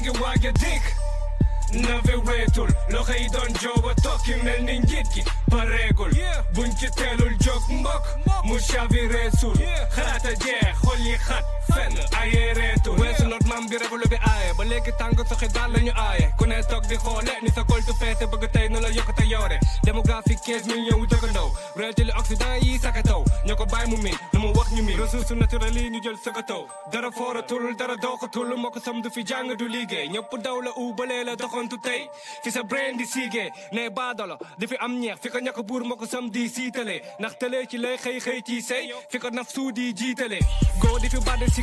léegi waaja dikk na fi weetul loxo yi doon jooba tokki mel ni njiit gi pareegul buñ ci teelul jóg mbokk mu chaviré suul xalaata jeex xol yi xat fenn ayeere léegi tàng soxi la ñu aaye ku ne toog di xoole ni sa koltu feete bëgg tey nu la yokkate yowre démographique 15 millions wu jëkk ndaw réalité li occident yi saka taw ñoo ko mu miin lu mu wax ñu miin ressource naturelle ñu jël saka taw dara fooratul dara doxatul moo ko sam fi jàng du liggéey ñëpp daw la uubalee la tey fi sa brain di siigee ne baadolo di fi am ñeex fi ko ñàkk buur moo ko sam di siitalee lay xëy xëy ci sey fi ko naf di jiitalee góor di fi badde si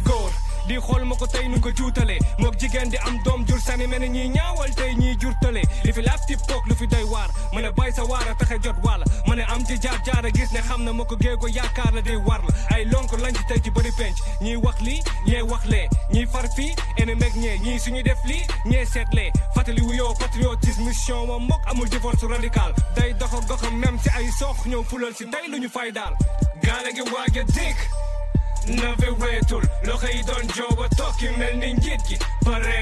am doom jur sani mel ni ñiy ñaawal tey ñiy jur tële li fi laab tip lu fi doy war mané bay sa wara a jot walla mané am ci jaar jaar gis ne xam na ma ko la day war la ay lonk lañ ci tay ci bari pench ñi wax li wax ñi far fi ene meg ñee ñi suñu def lii ñee seetlee fatali wu yow patriotisme mission mo mbokk amul divorce radical day doxo goxam même si ay sox ñëw fulal ci tay lu ñu fay dal gaale gi waage dik mel ni njiit gi pare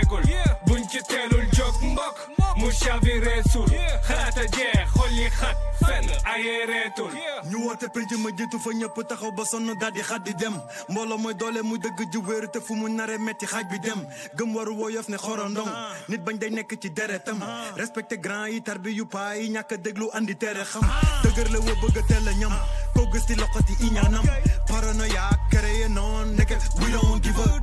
شافي رسول xalaata jeex xolli xat fenn aye reetul ñu woote penc ma jiitu fa ñëpp taxaw ba sonn daal di xat di dem mbooloo mooy doole mu dëgg ji wéeru te fu ah. mu nare metti xaaj bi dem gëm waru woyof ne xorondong nit bañ day nekk ci deretam respecté grand yi tarbi yu paa yi ñàkk déglu andi tere xam dëgër la woo bëgg a ñam koo gis ci loxoti iñaanam paranoïa créé noon nekk we don't give up